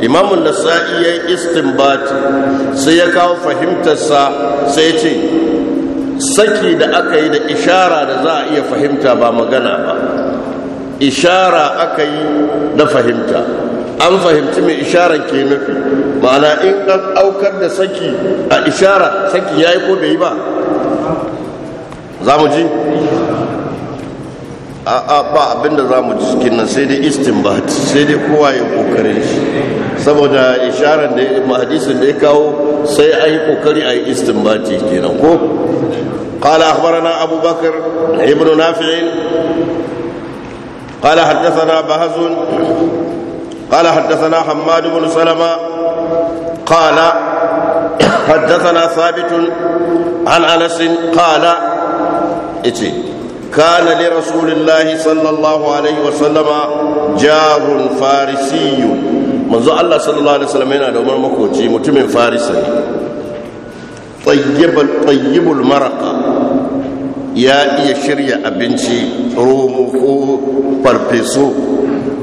imamun nasa'i ya yi istinbati sai ya kawo fahimtarsa sai ce saki da aka yi da ishara da za a iya fahimta ba magana ba ishara aka yi da fahimta an fahimci mai isharar ke nufi ma'ana in an aukar da saki a ishara saki ya yi ko bai yi ba za mu ji a ba abinda za mu cikin nan sai dai istinbat sai dai kowa ya kokarin shi saboda isharar da hadisin da ya kawo sai a yi kokari a yi istinbati kenan ko قال أخبرنا أبو بكر ابن نافع قال حدثنا بهز قال حدثنا حماد بن سلمة قال حدثنا ثابت عن أنس قال اتي كان لرسول الله صلى الله عليه وسلم جار فارسي منذ الله صلى الله عليه وسلم هنا دومر مكوتي متمن فارسي طيب طيب المرقه ya iya shirya abinci romo ko farfeso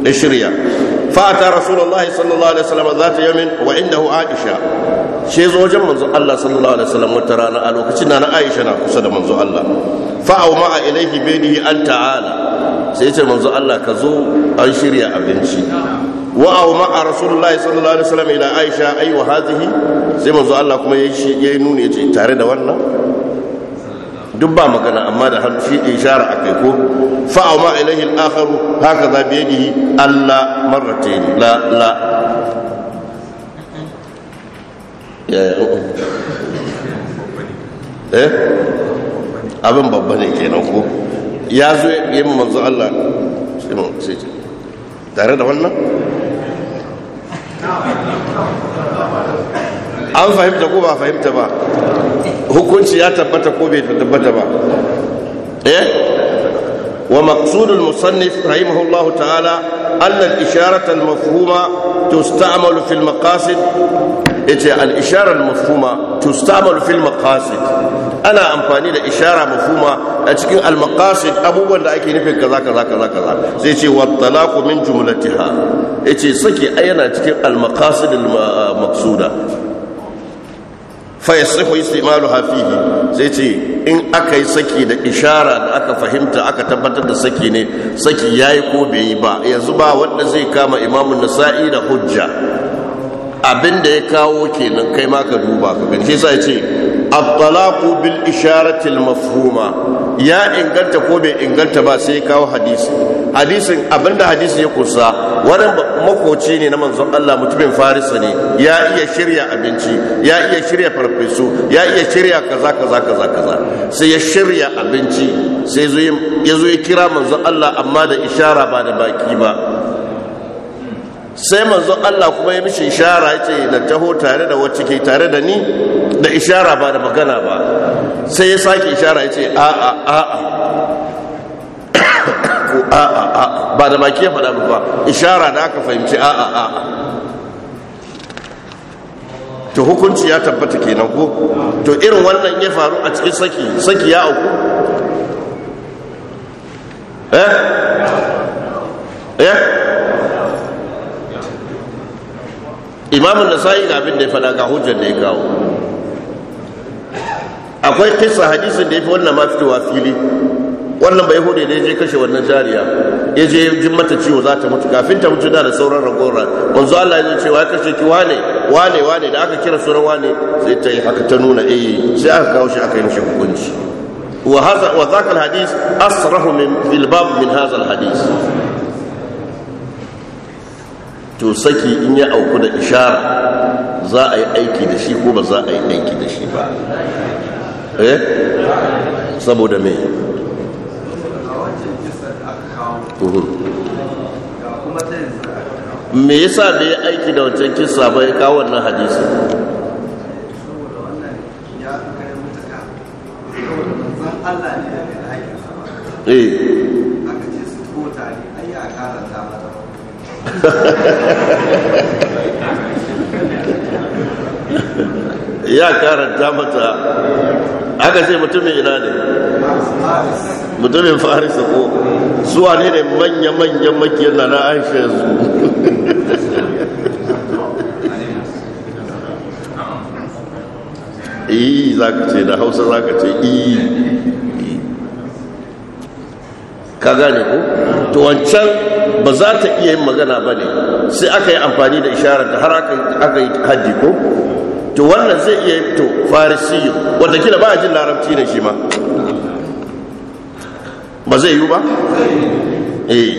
da shirya fata rasulullahi sallallahu alaihi wasallam za ta yamin wa aisha shi zo wajen manzo Allah sallallahu alaihi wasallam wata rana a lokacin na Aisha na kusa da manzo Allah fa au ma ilaihi bihi an ta'ala sai ce manzo Allah ka zo an shirya abinci wa au ma rasulullahi sallallahu alaihi wasallam ila Aisha ai wa hadhihi sai manzo Allah kuma yayi yayi nuni yace tare da wannan duk ba magana amma da hannu shi ishara akai ko fa au ma ilaihi al-akharu hakaza da yadihi Allah marratayn la la eh abin babba ne kenan ko ya zo ya yi manzo Allah tare da wannan an fahimta ko ba fahimta ba hukunci ya tabbata ko bai tabbata ba eh wa maqsudul musannif rahimahullahu ta'ala anna al-isharata al-mafhuma tusta'malu fil maqasid yace al ishara al mafhuma tustamal fil maqasid ana amfani da ishara mafhuma a cikin al maqasid abubuwan da ake nufin kaza kaza kaza kaza sai ce wa talaqu min jumlatiha yace sake yana cikin al maqasid al maqsuda fa yasihu istimaluha fihi sai ce in aka yi saki da ishara da aka fahimta aka tabbatar da saki ne saki yayi ko bai yi ba yanzu ba wanda zai kama imamun nasa'i da hujja abin da ya kawo kenan kai ma ka duba ka gani sai ya ce abdalaku bil isharati al-mafhuma ya inganta ko bai inganta ba sai ya kawo hadisi hadisin abinda hadisi ya kusa wannan makoci ne na manzon Allah mutumin Farisa ne ya iya shirya abinci ya iya shirya farfesu ya iya shirya kaza kaza kaza kaza sai ya shirya abinci sai ya zo ya kira manzon Allah amma da ishara ba da baki ba sai manzo Allah kuma ya mishi ishara ya ce da taho tare da wacce ke tare da ni da ishara ba da magana ba sai ya sake ishara ya ce a a a a ko a a a ba da baki ya faɗa ba ishara da aka fahimci a a a to hukunci ya tabbata kenan ko to irin wannan ya faru a cikin saki saki ya auku eh eh imamun nasa'i ga abin da ya fada ga hujjar da ya kawo akwai kisa hadisin da ya fi wannan ma fitowa fili wannan bai hude da ya je kashe wannan jariya ya je jin mata ciwo za ta mutu kafin ta mutu da da sauran ragora wanzu Allah ya ce wa ya kashe ki wane wane wane da aka kira sunan wane sai ta yi haka ta nuna eh sai aka kawo shi aka yi mishi hukunci wa hadha wa dhaka al-hadith asrahu min fil bab min hadha al-hadith to saki in ya auku da ishara za a yi aiki da shi ko ba za a yi aiki da shi ba eh saboda me me yasa da ya aiki da wancan kisa ba ya kawo wannan hadisi eh ya karanta mata aka ce mutumin ina ne mutumin farisa ko zuwa ne da manya-manyan makiyar na na aisha yanzu iyi za ka ce da hausa za ka ce iyi ka gane ko to wancan ba za ta iya yin magana ba ne sai aka yi amfani da isharar da har aka yi haddi ko to wannan zai iya yin to farisiyu watakila ba a jin larabci da shi ma ba zai yi ba? eh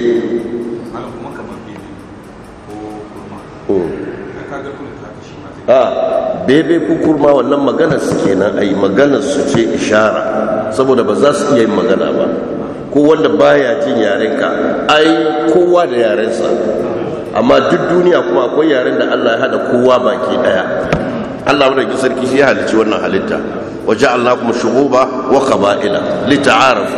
oh. a ah, bebe kukurma wannan maganar su kenan ayi yi maganar su ce ishara saboda ba za su iya yin magana ba ko wanda baya jin yarenka ai kowa da yarensa amma duk duniya kuma akwai yaren da Allah ya hada kowa baki daya Allah ke sarki shi ya halici wannan halitta wa Allah kuma shuguba wa qaba'ila lita'arafu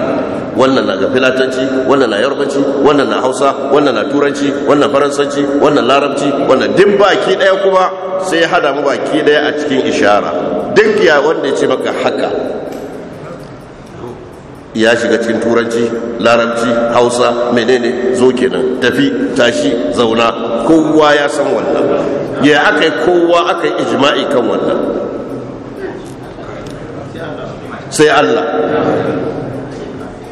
wannan na gafilatanci wannan na yarbanci wannan na hausa wannan na turanci wannan faransanci wannan larabci wannan din baki daya kuma sai ya hada mu baki daya a cikin ishara duk ya wanda ya ce maka haka ya shiga cikin turanci larabci hausa menene zo kenan tafi tashi zauna kowa ya san wannan ya aka yi kowa aka yi ijma'i kan wannan sai allah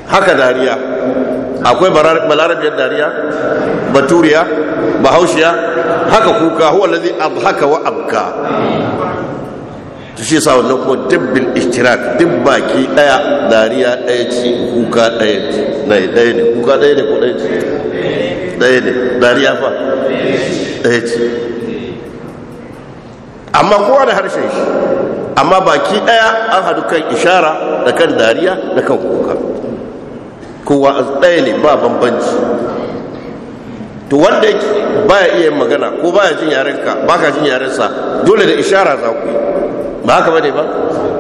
haka dariya akwai balarabiyar dariya baturiya bahaushiya haka kuka huwa lazi abhaka wa abka to shi sa wannan kuma dibbil ishtirak duk baki daya dariya daya ce kuka daya ce daya daya ne kuka daya ne ko daya ce daya ne dariya fa daya ce amma kowa da harshen shi amma baki daya an hadu kan ishara da kan dariya da kan kuka kowa daya ne ba bambanci to wanda baya iya magana ko baya jin yarenka baka jin yarensa dole da ishara za ku yi ba haka bane ba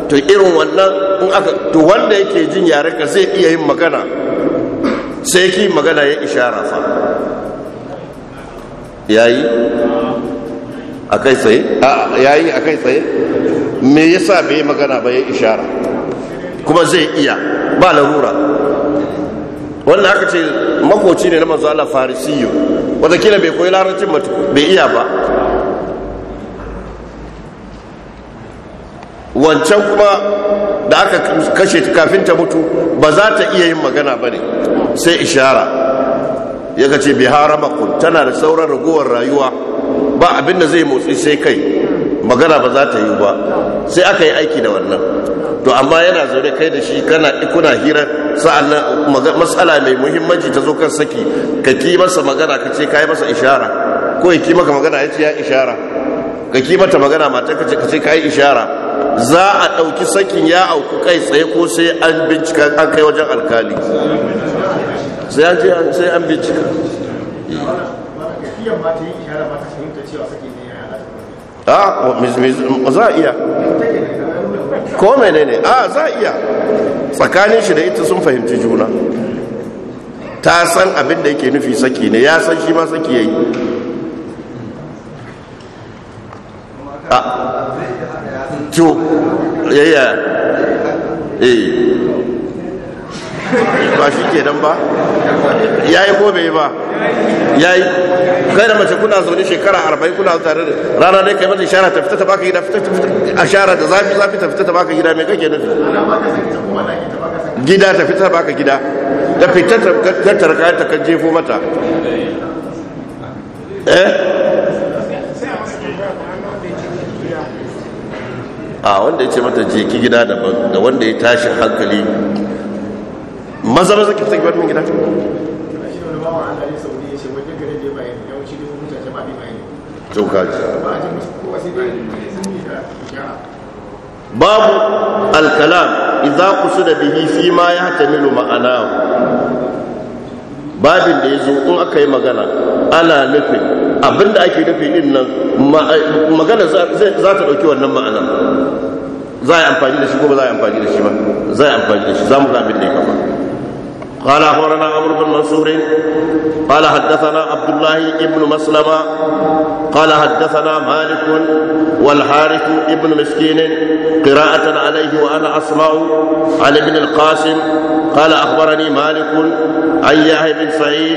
to irin wannan in aka to wanda yake jin yaren ka zai iya yin magana sai ki magana ya ishara fa yayi akai tsaye a yayi akai tsaye me yasa yi magana ba ya ishara kuma zai iya ba larura wannan aka ce makoci ne na manzo Allah farisiyo wanda kila bai koyi larancin mutum bai iya ba wancan kuma da aka kashe kafin ta mutu ba za ta iya yin magana ba ne sai ishara ya ka harama kun. tana da sauran ragowar rayuwa ba abin da zai motsi sai kai magana ba za ta yi ba sai aka yi aiki da wannan to amma yana zaune kai da shi kana ikuna hira sa'annan matsala mai muhimmanci ta zo kan saki ka ki masa magana ka ce ka yi masa ishara ko ya ki maka magana ya ce ya ishara ka ki mata magana mata ka ce ka yi ishara za a ɗauki sakin ya auku kai tsaye ko sai an bincika an kai wajen alkali sai an je sai an bincika a za a iya ko menene a za a iya tsakanin shi da ita sun fahimci juna ta san abin da yake nufi saki ne ya san shi ma saki yayi a to yayya eh ba shi ke dan ba ya yi ko bai ba ya yi kai da mace kuna zaune shekara arba'in kuna tare da rana dai kai mata shara ta fita ta baka gida fita a shara da zafi zafi ta fita ta baka gida mai kake nufi gida ta fita ta baka gida ta fita ta tarka ta kan jefo mata eh a wanda ya ce mata jeki gida daban da wanda ya tashi hankali maza maza ki tsaki wani gida babu alkalam idza qusida bihi fi ma ya tamilu ma'ana babin da yazo in aka yi magana ana nufin abinda ake nufi din nan magana za ta ɗauki wannan ma'ana za a yi amfani da shi ko ba za a yi amfani da shi ba za a yi amfani da shi za mu abin da ya kama قال أخبرنا عمرو بن منصور قال حدثنا عبد الله بن مسلمة قال حدثنا مالك والحارث بن مسكين قراءة عليه وأنا أسمع عن ابن القاسم قال أخبرني مالك عن يحيى بن سعيد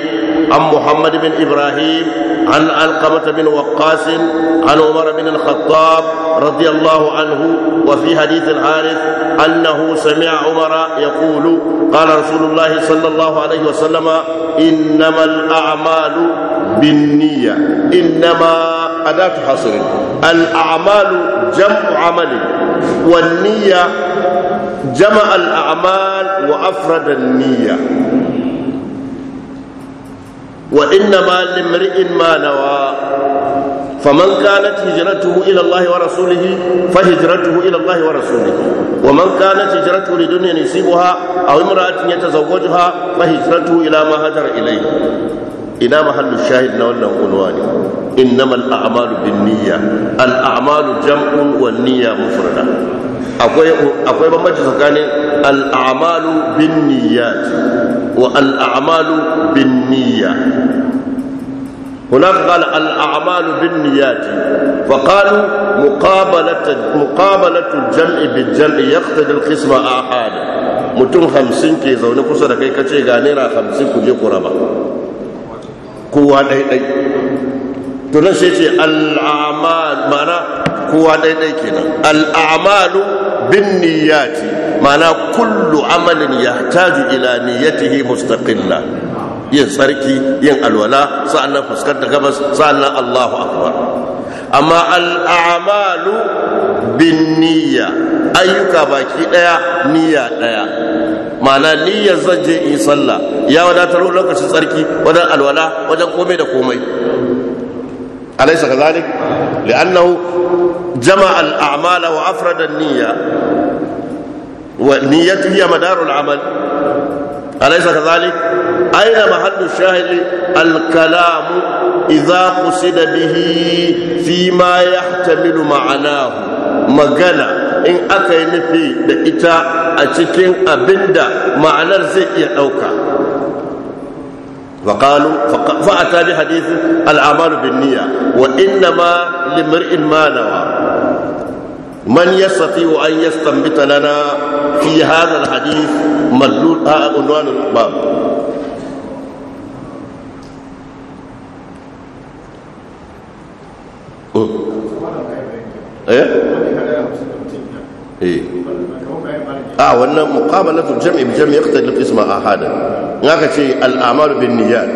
عن محمد بن إبراهيم عن علقمة بن وقاس عن عمر بن الخطاب رضي الله عنه وفي حديث الحارث أنه سمع عمر يقول قال رسول الله صلى الله عليه وسلم إنما الأعمال بالنية إنما أداة حصر الأعمال جمع عمل والنية جمع الأعمال وأفرد النية wa inna ma limri'in ma nawa faman kanat hijratuhu ila Allah wa rasulihi fa hijratuhu ila Allah wa rasulihi wa man kanat hijratuhu li dunya nisibuha aw imra'atin yatazawwajuha fa hijratuhu ila ma hajar ilayhi ila mahallu shahid na wannan unwani innama al a'malu bin niyya al a'malu jam'un wa an niyya mufrada akwai akwai tsakanin al'amalu a'malu والأعمال بالنية هناك قال الأعمال بالنيات فقالوا مقابلة مقابلة الجمع بالجمع يقتضي القسم آحاد متون خمسين كي زوني كسر كي كتشي غانيرا خمسين كجي قربا كوا داي داي تنشيتي الأعمال معنا كوا داي داي كينا الأعمال bin niyyati ma'ana kullu amalin ya yahtaju ila niyyatihi mustaqilla yin sarki yin alwala sa'annan fuskantar gabas sa'annan Allahu akbar amma al'amalu bin ayyuka baki daya niyya daya ma'ana niyyar zan je in sallah ya wadatar lokacin sarki, wajen alwala wajen komai da komai alaysa kazalik li'annahu جمع الأعمال وأفرد النية والنية هي مدار العمل أليس كذلك؟ أين محل الشاهد الكلام إذا قصد به فيما يحتمل معناه مجنى in aka yi nufi da ita a cikin abinda ma'anar zai iya ɗauka فقالوا فأتى بحديث الأعمال بالنية وإنما لمرء ما نوى من يستطيع أن يستنبط لنا في هذا الحديث مدلول عنوان الباب ايه اه wannan muqabalatul jam'i bil jam'i yaqtalif isma ahada naka ce al a'malu bin niyyat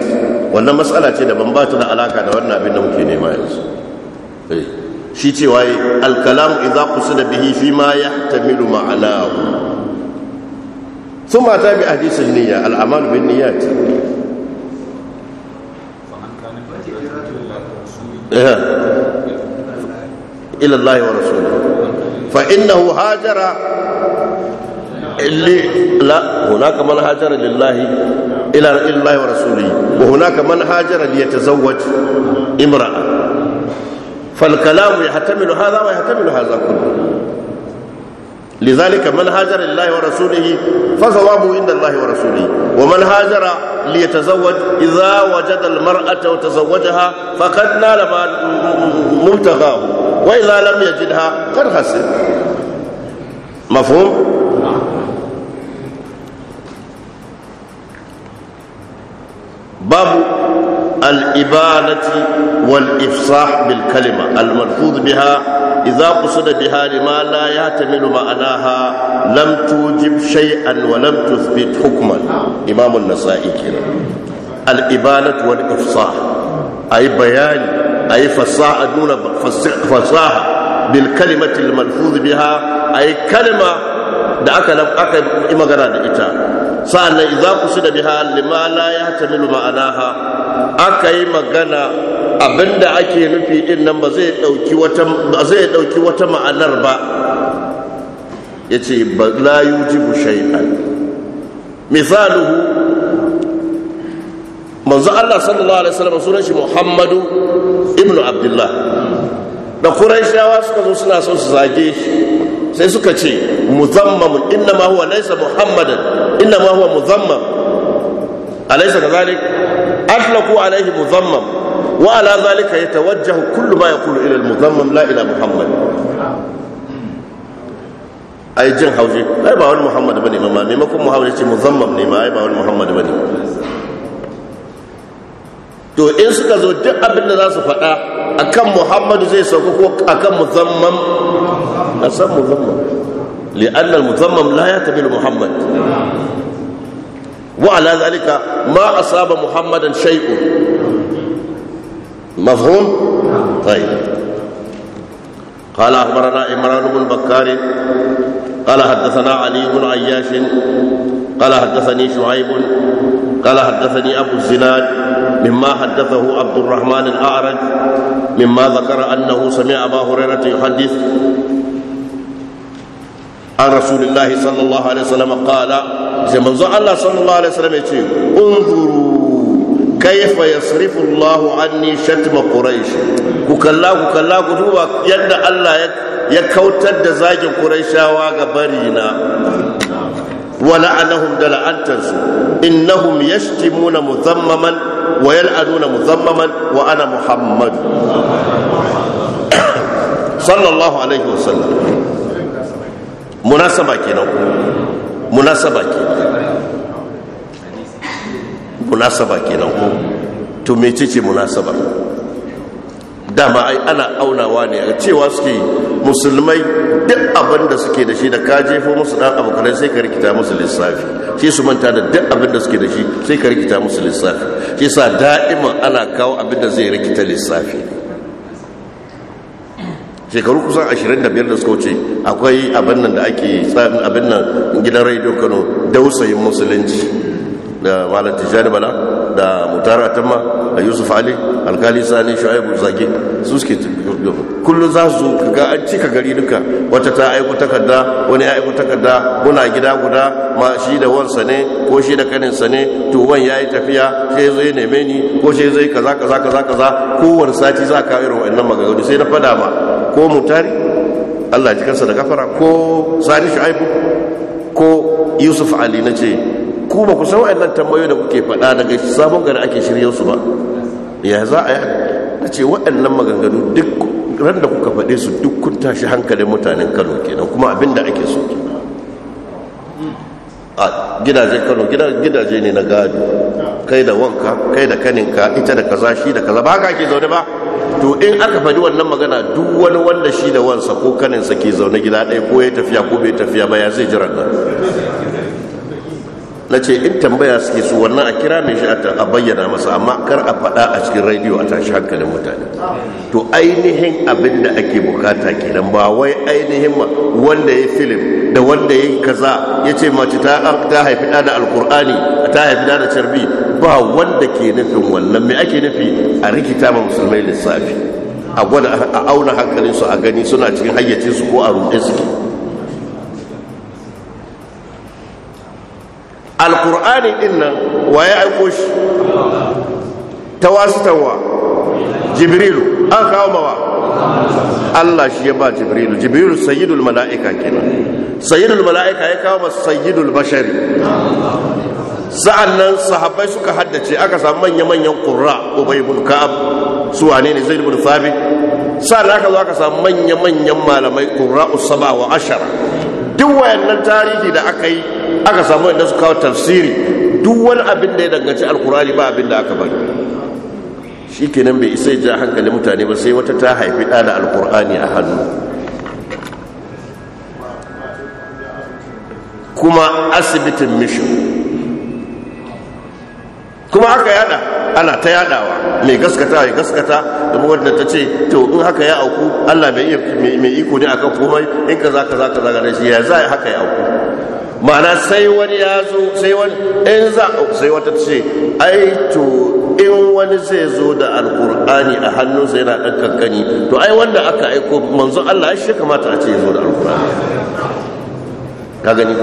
wannan mas'ala ce da ban ba ta alaka da wannan abin muke nema yanzu shi cewa alkalamu idza qusida bihi fi ma yahtamilu ma'anahu ثم أتى بأحاديث النية الأعمال بالنيات إيه. إلى الله ورسوله فإنه هاجر اللي لا هناك من هاجر لله إلى الله ورسوله وهناك من هاجر ليتزوج امرأة فالكلام يحتمل هذا ويحتمل هذا كله لذلك من هاجر لله ورسوله فثوابه عند الله ورسوله ومن هاجر ليتزوج إذا وجد المرأة وتزوجها فقد نال ما مبتغاه وإذا لم يجدها قد خسر مفهوم؟ باب al’ibadati wal’ifsah bilkalima al’adhuz biha iza kusa da biha limala ya tamilu ma’ana ha lamtu jib shay’an wa lamtu fit hukman imamun nasa’i kira al’ibadat wal’ifsah a yi bayani a yi fasaha nuna fasaha bilkalimatin al’adhuz biha a yi kalima da aka yi magana da ita ku idza da biha lima la yahtamilu ma'anaha yi magana abinda ake nufi din nan ba zai ɗauki wata ba Ya ce ma'anar ba yace yi ji yujibu shay'an misaluhu manzo Allah sallallahu alaihi wasallam sunan shi Muhammadu ibnu Abdullah da Qurayshawa suka zo suna son su zage shi sai suka ce muzammamun inna ma huwa muhammadan inna ma huwa muzammam alaysa kadhalik alayhi muzammam wa ala zalika yatawajjahu kullu ma yaqulu ila la ila muhammad ai jin hauje ai ba wani muhammad bane ma muhammad muzammam ne ma ai ba wani muhammad bane to in suka zo duk abin da za su faɗa akan muhammadu zai sauka ko akan أسم مذمم لأن المذمم لا يأتي لمحمد وعلى ذلك ما أصاب محمدا شيء مفهوم طيب قال أخبرنا إمران بن بكار قال حدثنا علي بن عياش قال حدثني شعيب قال حدثني أبو الزناد مما حدثه عبد الرحمن الأعرج مما ذكر أنه سمع أبا هريرة يحدث عن رسول الله صلى الله عليه وسلم قال زمن الله صلى الله عليه وسلم يقول انظروا كيف يصرف الله عني شتم قريش كلا كلا كدوا يد الله يكوتر دزاج قريشا وغبرينا ولعنهم دلعنتنس إنهم يشتمون مذمما ويلعنون مذمما وأنا محمد صلى الله عليه وسلم مناسبة كنا مناسبة كنا مناسبة كنا تميتيتي مناسبة, مناسبة dama ai ana aunawa ne a cewa suke musulmai duk abin da suke da shi da ka jefo musu dan abu kadan sai ka rikita musu lissafi sai su manta da duk abin da suke da shi sai ka rikita musu lissafi shi sa da'iman ana kawo abin da zai rikita lissafi shekaru kusan 25 da suka wuce akwai abin nan da ake tsarin abin nan gidan rediyo kano dausayin musulunci da malam tijjani bala da mutar Atamma, da yusuf ali alkali sani shu'aibu zaki su suke kullum za su ga an cika gari duka wata ta aiko takarda wani aiko takarda muna gida guda ma shi da wansa ne ko shi da kaninsa ne to wan yayi tafiya sai zai neme ni ko sai zai kaza kaza kaza kaza Ko wani sati za ka irin nan maganganu sai na fada ma ko mutari Allah ya ji kansa da gafara ko sani shu'aibu ko yusuf ali na ce ku ba ku san wa'annan tambayoyi da kuke faɗa daga sabon gari ake shirye su ba ya za a yi na ce wa'annan maganganu duk ran da kuka faɗe su duk kun tashi hankalin mutanen kano kenan kuma abin da ake so a gidaje kano gidaje ne na gado kai da wanka kai da kaninka ita da kaza shi da kaza ba haka ake zaune ba to in aka faɗi wannan magana duk wani wanda shi da wansa ko kaninsa ke zaune gida ɗaya ko ya tafiya ko bai tafiya ba ya zai jiran nan na ce in tambaya suke su wannan a kira mai shi a bayyana masa amma kar a faɗa a cikin rediyo a tashi hankalin mutane to ainihin abin da ake bukata kenan ba wai ainihin wanda ya filim da wanda ya kaza ya ce mace ta haifi da alkur'ani ta haifi da carbi ba wanda ke nufin wannan mai ake nufi a rikita ma musulmai lissafi a gwada a auna hankalinsu a gani suna cikin hayyacinsu ko a ruɗe suke alkur'ani din nan ya aiko shi Ta tawasitanwa jibrilu an kawo mawa Allah shi ya ba jibrilu jibrilu sayidul mala'ika kenan sayidul mala'ika ya kawo masu sayidul bashari sa'annan sahabbai suka haddace aka samu manya-manyan qurra obai ibn ka'ab su wane ne zaid ibn sa'an sa'annan aka zo aka samu manya-manyan malamai ƙura usaba wa ashara duk wayannan tarihi da aka yi aka samu inda su kawo tafsiri duk wani abin da ya danganci alkurani ba abin da aka bari shi kenan bai isa ya ja hankali mutane ba sai wata ta haifi ɗa da alkur'ani a hannu kuma asibitin mission kuma aka yada ana ta yadawa mai gaskata ya gaskata da wadda ta ce to in haka ya auku Allah mai mai iko ne akan komai in kaza kaza kaza da shi ya za haka ya auku ma'ana sai wani ya zo sai wani in za sai wata ta ce ai to in wani zai zo da alkur'ani a hannunsa yana ɗan kankani to ai wanda aka aiko manzo Allah ya shi kamata a ce ya zo da alkur'ani ka gani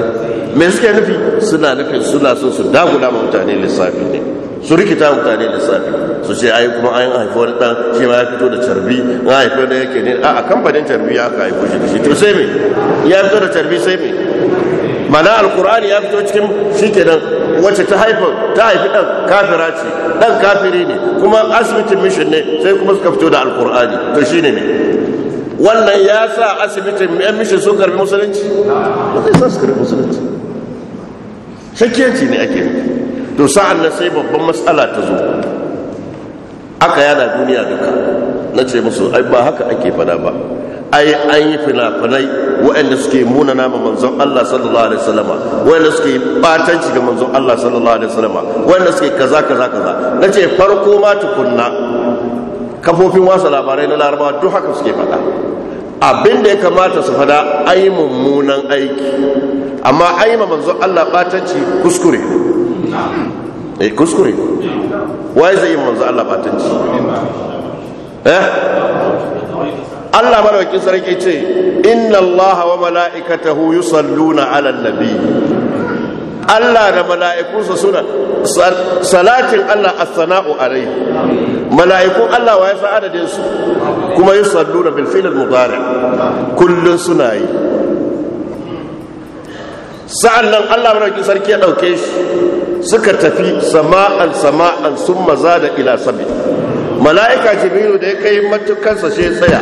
me suke nufi suna nufin suna so su dagula mutane lissafi ne su rikita mutane safi su ce ayi kuma ayin haifuwar dan shi ma ya fito da carbi na haifuwar da yake ne a kamfanin carbi ya ka haifu shi da shi to sai me ya fito da carbi sai me mana alkur'ani ya fito cikin shi nan wacce ta haifa ta haifi dan kafira ce dan kafiri ne kuma asibitin mission ne sai kuma suka fito da alkur'ani to shi ne wannan ya sa asibitin yan mission sun karbi musulunci ba zai sa su karbi musulunci shakkiyanci ne ake yi to sa'an nan sai babban matsala ta zo aka yana duniya duka na ce musu ai ba haka ake fada ba ai an yi fina-finai waɗanda suke muna nama manzon Allah sallallahu alaihi wasallama waɗanda suke batanci ga manzon Allah sallallahu alaihi wasallama waɗanda suke kaza kaza kaza na ce farko ma tukunna kafofin wasa labarai na larabawa duk haka suke faɗa abin da ya kamata su fada ai mummunan aiki amma ai ma manzon Allah batanci kuskure eh kuskure waye zai yi manzo Allah batanci eh Allah madaukakin sarki ce inna Allah wa mala'ikatahu yusalluna 'alan nabi Allah da mala'ikunsa suna salatin Allah as-sana'u alai mala'ikun Allah wa ya sa adadin su kuma yusalluna bil fi'l al-mudari kullun suna yi sa'an nan Allah madaukakin sarki ya dauke shi suka tafi sama'an sama'an sun maza da ila sabi mala'ika jibrilu da ya kai matukansa sai tsaya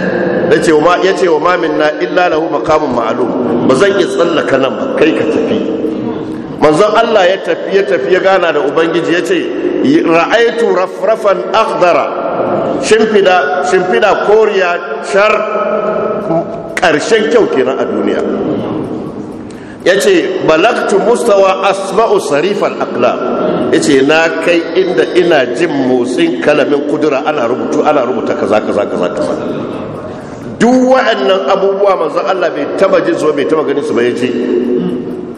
da ce wa ya ce wa ma minna illa lahu makamun ma'lum ba zan iya tsallaka nan ba kai ka tafi manzon Allah ya tafi ya tafi ya gana da ubangiji ya ce ra'aitu rafrafan akhdara shimfida shimfida koriya shar karshen kyau kenan a duniya Ya ce balagtu mustawa asma'u al-Akla. Ya ce na kai inda ina jin motsin kalamin kudura ana rubutu ana rubuta kaza kaza kaza kaza duk wa'annan abubuwa manzon Allah bai taba jin su bai taba ganin su ba ce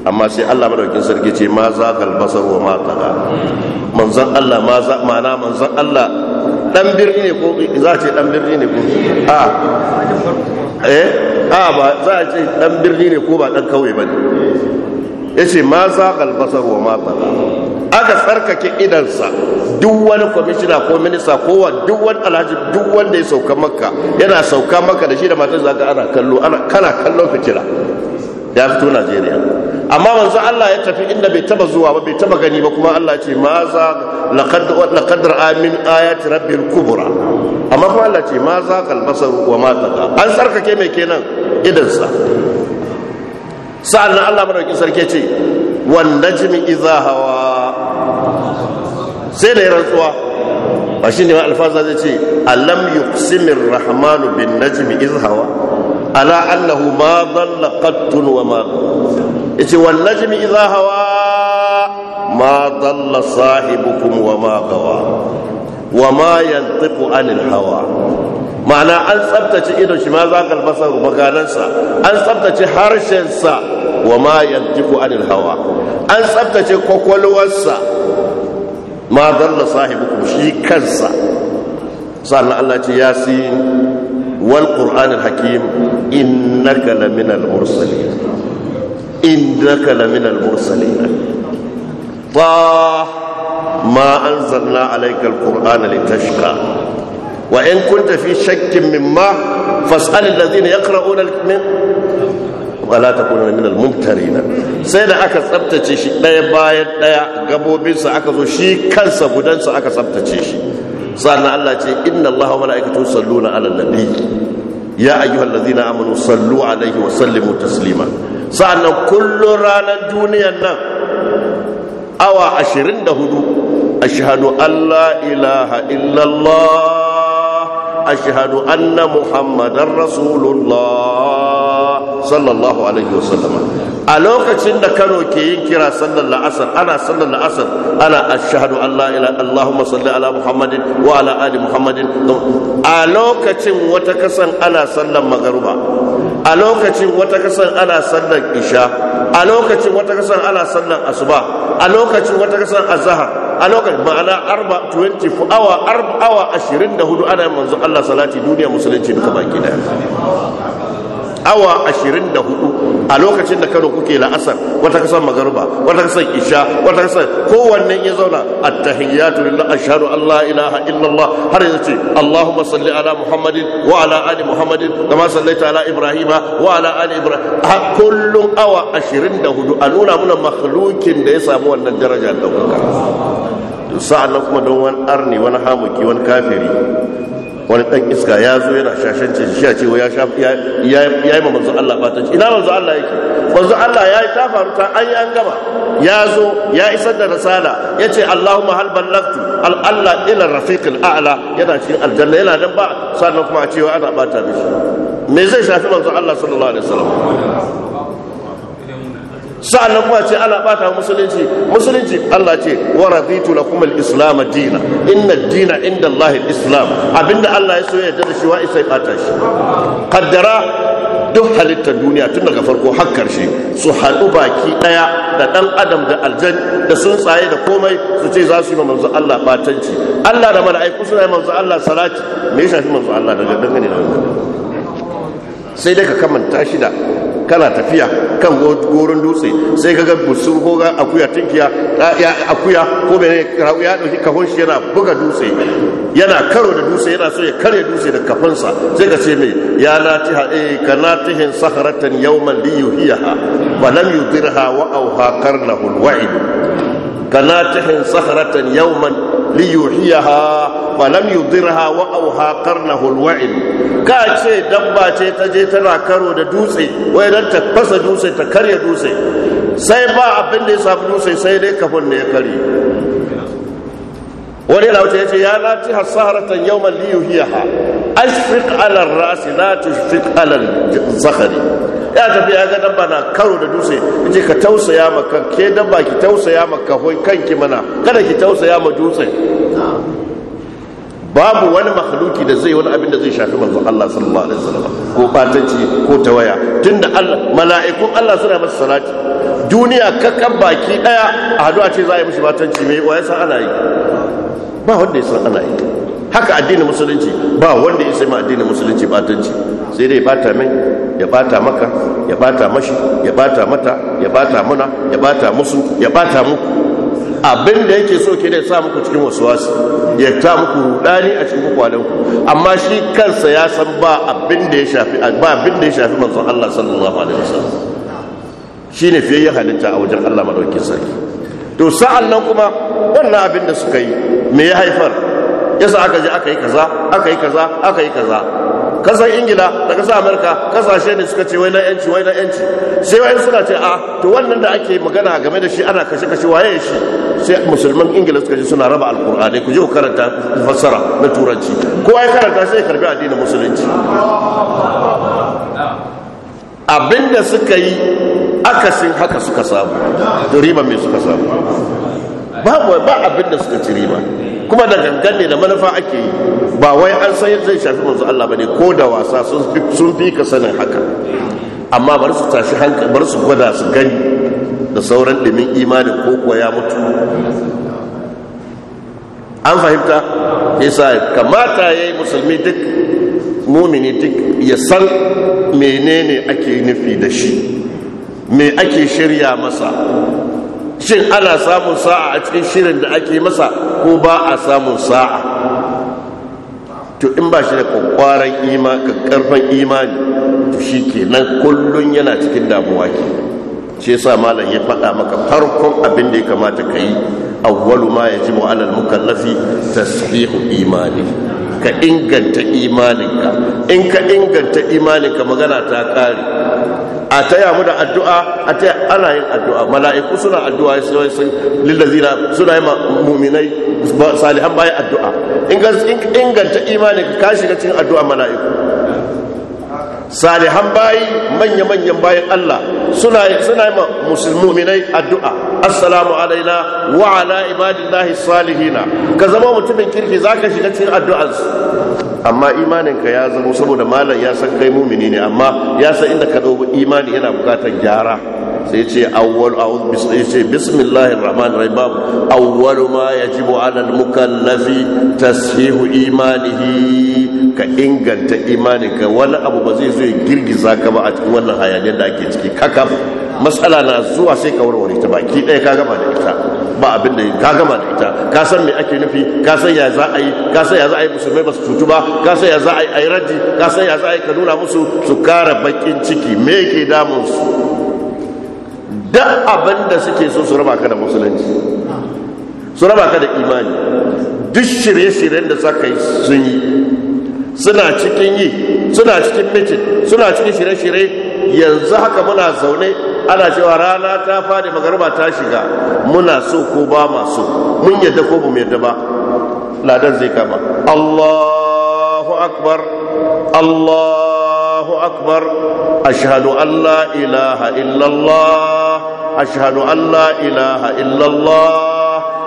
amma sai Allah madaukin sarki ce ma za kalbasar wa ma taga manzan Allah ma za mana Allah dan birni ne ko za a ce dan birni ne ko a eh a ba za a ce dan birni ne ko ba dan kauye bane yace ma za kalbasar wa ma tsara aka tsarkake idansa duk wani kwamishina ko minista ko duk wani alhaji duk wanda ya sauka maka yana sauka maka da shi da matan zaka ana kallo ana kana kallon fitila ya fito Najeriya amma manzo Allah ya tafi inda bai taba zuwa ba bai taba gani ba kuma Allah ce ma za laqad ra'a min ayati rabbil kubra amma kuma Allah ce ma za kal basar wa ma taqa an sarkake mai kenan idan sa sa'an Allah madaukin sarki ce wan najmi idha hawa sai da rantsuwa ba shi ne alfaza zai ce alam yuqsimir rahmanu bin najmi idha hawa ala annahu ma wa hawa Ma ما wa ma وما wa ma ينطق عن الهوى معنى أن tsabtace idon shi ma za ka albasa maganansa an tsabtace harshensa wa ma yantiku anil hawa an tsabtace kwakwalwarsa ma dalla sahibukum shi kansa sannan Allah ce ya si wal qur'anil hakim innaka laminal mursalin innaka laminal mursalin طه ما أنزلنا عليك القرآن لتشقى وإن كنت في شك مما فاسأل الذين يقرؤون من ولا تكون من الممترين سيدا أكا سبتشي شي دايا بايا دايا قبو بيسا أكا زو شي كنسا بدنسا أكا سبتشي شي سألنا الله شي إن الله وملائكته يصلون على النبي يا أيها الذين آمنوا صلوا عليه وسلموا تسليما سألنا كل رانا دنيا awa ashirin da hudu a shahadu Allah ilaha illallah a shahadu anna muhammadar rasulullah sallallahu alaihi wasallama a lokacin da kano ke yin kira sallar la'asar ana sallar la'asar ana a shahadu Allah ila Allahumma ala Muhammadin wa ala ali Muhammadin a lokacin wata kasan ana sallar magaruba a lokacin wata kasan ana sallan isha a lokacin wata kasan ana sallan asuba a lokacin wata kasan azhar a lokacin ma'ana arba 24 awa arba awa 24 ana manzo Allah salati duniya musulunci duka baki daya awa 24 a lokacin da kano kuke la'asar wata kasan magarba wata kasan isha wata kasan kowanne ya zauna attahiyatu lillah ashhadu an la ilaha illallah har yanzu ce allahumma salli ala muhammadin wa ala ali muhammadin kama sallaita ala ibrahima wa ala ali ibrahim a kullum awa 24 a nuna muna makhlukin da ya samu wannan daraja daukaka sa'an nan kuma don wani arni wani hamuki wani kafiri wani dan iska ya zo yana shashancin shi ya ce ya ya yi ma manzo Allah batanci ina manzo Allah yake manzo Allah ya yi ta faru ta an yi an gama ya zo ya isar da risala ya ce Allahumma hal ballagtu al Allah ila rafiq al a'la yana cikin aljanna yana nan ba sannan kuma a cewa ana bata mishi me zai shafi manzo Allah sallallahu alaihi wasallam sa'annan kuma ce ana bata musulunci musulunci Allah ce wa raditu lakum al-islam dina inna ad-dina inda Allah al-islam abinda Allah ya soya ya yarda da shi wa sai bata shi kaddara duk halittar duniya tun daga farko har karshe su haɗu baki ɗaya da ɗan adam da aljan da sun tsaye da komai su ce za su yi manzo Allah batanci Allah da mala'iku suna yi manzo Allah salati me ya shafi manzo Allah daga dangane da wannan sai dai ka kamanta shi da kana tafiya kan gorin dutse sai ka ga busur ko ga akuya tinkiya akuya ko mene ya dauki kafin shi yana buga dutse yana karo da dutse yana so ya kare dutse da kafansa sai ka ce mai ya latiha eh tihin saharatan yawman liyuhiyaha wa lam yudirha wa auha qarnahu alwa'id tihin saharatan yawman liyuhiyaha falam yudirha wa auha qarnahu alwa'il ka ce dabba ce ta je tana karo da dutse wai dan ta fasa dutse ta karya dutse sai ba abin da ya samu dutse sai dai kafin ne ya kare wani lauta ya ce ya lati hasaratan yawman liyuhiyaha ashfiq ala ar-ras la tushfiq ala al-zakhri ya tafi ya ga dabba na karo da dutse yace ka tausaya maka ke dabba ki tausaya maka hoi kanki mana kada ki tausaya ma dutse babu wani makhluki da zai wani abin da zai shafi manzo Allah sallallahu alaihi wasallam ko batanci ko tawaya tunda Allah mala'ikun Allah suna masa salati duniya kakan baki daya a hadu a ce za a yi mishi batanci mai waye san ana yi ba wanda ya san ana yi haka addinin musulunci ba wanda ya sai ma addinin musulunci batanci sai dai bata mai ya bata maka ya bata mashi ya bata mata ya bata muna ya bata musu ya bata mu. abin da yake so ke da ya sa muku cikin wasu wasu ya ta muku rudani a cikin kwalinku amma shi kansa ya san ba abin da ya shafi ba abin da ya shafi manzon Allah sallallahu alaihi wasallam ne fiye ya halitta a wajen Allah madaukakin sarki to sa'an nan kuma wannan abin da suka yi me ya haifar yasa aka je aka yi kaza aka yi kaza aka yi kaza kasar ingila da kasar amurka kasashe ne suka ce wai na yanci wai na yanci sai wai suna ce a ah, to wannan da ake magana game da shi ana kashe kashe waye shi sai musulman ingila suka ce suna raba alkur'ani ku je ku karanta fassara na turanci kowa ya karanta sai ya karbi addinin musulunci abinda suka yi akasin haka suka samu riba mai suka samu babu ba abinda suka ci riba kuma da gangan ne da manufa ake yi ba wai an san zai shafi manzo Allah bane ko da wasa sun fi ka sanin haka amma bar su tashi hankali bar su gwada su gani da sauran ɗimin imanin ko kuwa ya mutu an fahimta isa kamata ya yi musulmi duk mumini duk ya san menene ake nufi da shi me ake shirya masa shin ana samun sa'a a cikin shirin da ake masa ko ba a samun sa'a to in ba shi da kwakwaran karfan imani to shi ke nan kullum yana cikin damuwa ke shi yasa malam ya faɗa maka farkon abin da ya kamata ka yi awwalu ma ji alal mukallafi tasbihu imani ka inganta imaninka in ka inganta imaninka magana ta kare a taya mu da addu'a a taya ana yin addu'a mala'iku suna addu'a sun zina suna yin muminai salihan bayan addu'a inganta imani ka shiga cikin addu'a mala'iku salihan bayi manya-manyan bayan Allah suna yi ma musulmuminai addu'a assalamu alaina wa ala ibadillahi salihina ka zama mutumin kirki zaka shiga cikin addu'a amma imaninka ya zama saboda malam ya san kai mumini ne amma ya san inda ka dauki imani yana bukatar gyara sai ce awwal a'udhu bismillahi bismillahir rahmanir rahim awwal ma yajibu 'ala al-mukallafi tashihu imanihi ka inganta imaninka wani abu ba zai zo ya girgiza ka ba a cikin wannan hayaniyar da ake ciki kakaf matsala na zuwa sai ka warware ta baki ɗaya ka gama da ita ba abin da ka gama da ita ka san me ake nufi ka san ya za a yi ka san ya za a yi musulmai ba su cutu ba ka san ya za a yi ayi ka san ya za a yi ka nuna musu su kara bakin ciki me ke damun su duk abin da suke so su raba ka da musulunci su raba ka da imani duk shirye-shiryen da za ka yi sun yi suna cikin yi suna cikin mitin suna cikin shirye-shirye yanzu haka muna zaune ana cewa rana ta fadi magarba ta shiga muna so ko ba masu mun yadda ko bamu yadda ba ladan zai kama Allahu akbar Allahu akbar ashhadu an la ilaha illallah ashhadu an la ilaha illallah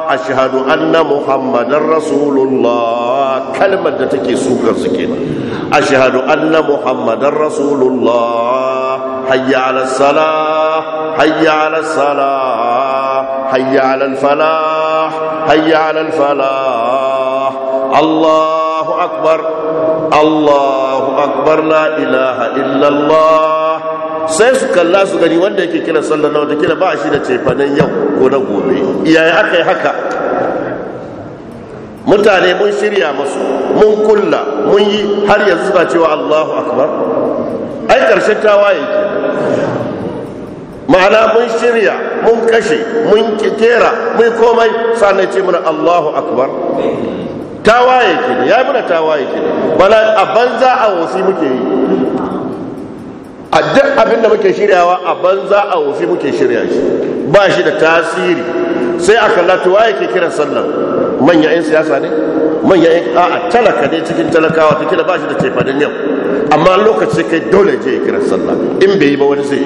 ashhadu anna muhammadar rasulullah amma kalmar da take sukar su kenan ashhadu anna muhammadar rasulullah hayya ala salah hayya ala salah hayya ala falah hayya ala falah allahu akbar allahu akbar la ilaha illallah sai su kalla su gani wanda yake kira sallallahu da kira ba shi da cefanen yau ko na gobe iyaye haka yi haka mutane mun shirya masu mun kulla mun yi har yanzu suna cewa allahu akbar ai karshen tawaye ke ma'ana mun shirya mun kashe mun kera mun komai sannan ce mana allahu akbar tawaye ke ne ya yi muna tawaye ke ne bana a banza a wasi muke yi a duk abin da muke shiryawa a banza a wasi muke shirya shi ba shi da tasiri sai a kalla tawaye ke kiran sallar Manya 'yan siyasa ne manya 'yan a'a talaka ne cikin talakawa ta kira ba shi da tefanin yau amma lokaci kai dole je ya kira sallah in bai yi ba wani zai yi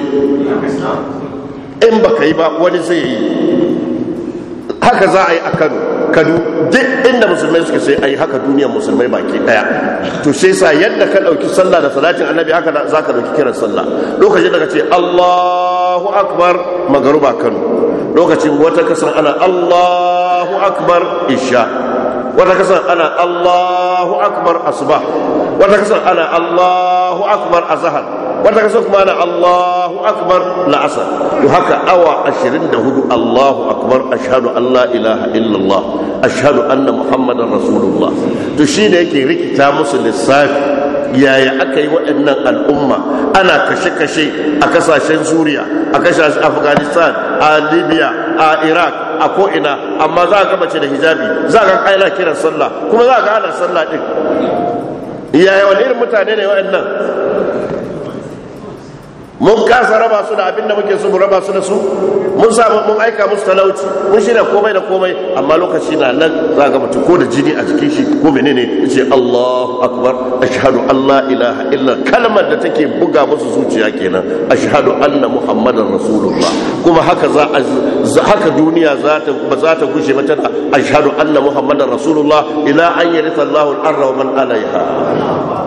in ba ka yi ba wani zai yi haka za a yi a kano kano duk inda musulmai suka sai a yi haka duniyar musulmai baki daya to sai sa yadda ka dauki sallah da salatin annabi haka za ka dauki kiran sallah lokacin da ka ce allah Allahu akbar magaruba Kano lokacin wata kasan ana Allahu akbar isha wata kasan ana Allahu akbar asuba wata kasan ana Allahu akbar azhar wata kasan kuma ana Allahu akbar la'asar to haka awa 24 Allahu akbar ashhadu an la ilaha illallah ashhadu anna muhammadar rasulullah to shi da yake rikita musu lissafi yaya aka yi waɗannan al'umma ana kashe-kashe a kasashen Zuriya, a kasashen afghanistan a libya a iraq a ko'ina amma za a mace da hijabi za a kaila kiran sallah kuma za a ga ana sallah ɗin yaya wani irin mutane ne waɗannan mun kasa raba su da abin da muke so mu raba su da su mun mun aika musu talauci mun shirya komai da komai amma lokaci na nan za ga mutum ko da jini a jikin shi ko menene yace Allahu akbar ashhadu an la ilaha illa kalmar da take buga musu zuciya kenan ashhadu anna muhammadar rasulullah kuma haka za haka duniya za ta ba za ta gushe ba tana ashhadu anna muhammadar rasulullah ila an yarisa Allahu al-arra wa man alaiha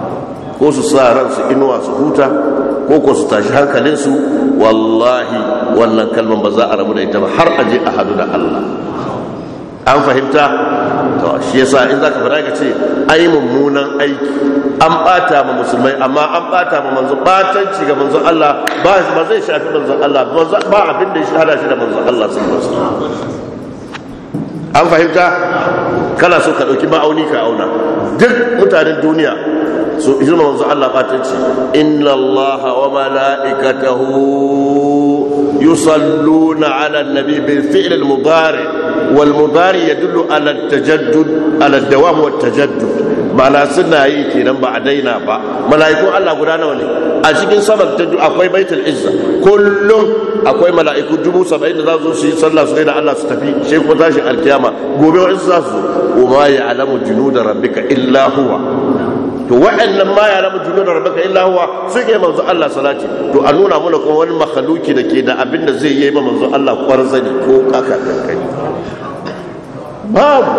ko su sa ransu inuwa su huta ko ko su tashi hankalin su, wallahi wannan kalman ba za a rabu da ita ba har aje a hadu da Allah an fahimta to shi yasa in zaka fara ka ce ai mummunan aiki an bata ma musulmai amma an bata ma manzo batanci ga manzo Allah ba ba zai shafi manzo Allah ba abin da ya hada shi da manzo Allah sallallahu alaihi wasallam an fahimta kana so ka ɗauki ma'auni ka auna duk mutanen duniya su yi manzo Allah ce. inna Allah wa mala'ikatahu yusalluna 'ala an-nabi bil fi'l al-mudari wal mudari yadullu 'ala at-tajaddud 'ala ad-dawam wa at-tajaddud ma'ana suna yi kenan ba a daina ba mala'ikun Allah guda nawa ne a cikin sabar ta akwai baitul izza kullum akwai mala'iku dubu saba'in da za su yi sallah su da Allah su tafi sai kuma tashin alkiyama gobe wa za su wa ma ya'lamu junuda rabbika illa huwa to wa'annan ma ya rabu da rabaka illa huwa sun yi manzo Allah salati to a nuna mana kuma wani makhluki da ke da abin da zai yi ma manzo Allah kwarzani ko kaka kankani babu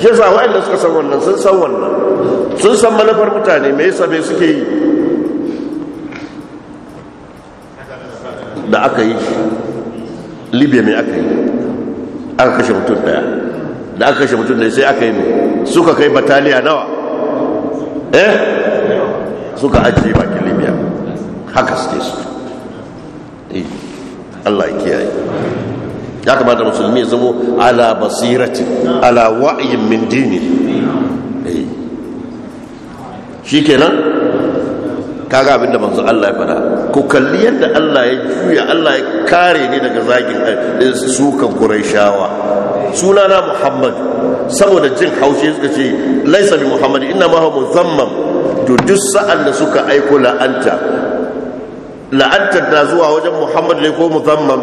shi yasa wa'anda suka san wannan sun san wannan sun san manufar mutane me yasa me suke yi da aka yi libya me aka yi aka kashe mutum daya da aka kashe mutum daya sai aka yi ne suka kai bataliya nawa eh suka ajiye bakin libya haka suke su eh Allah ya kiyaye ya kamata musulmi ya zama ala basirati ala wa'ayin min dini eh shikenan kaga abinda manzo Allah ya fada ku kalli yadda Allah ya juya Allah ya kare ni daga zagin eh, sukan shawa. na muhammad saboda jin haushi suka ce laisa bi muhammad inna ma huwa muzammam to duk sa'an da suka aiko la'anta la'antar na zuwa wajen muhammad ne ko muzammam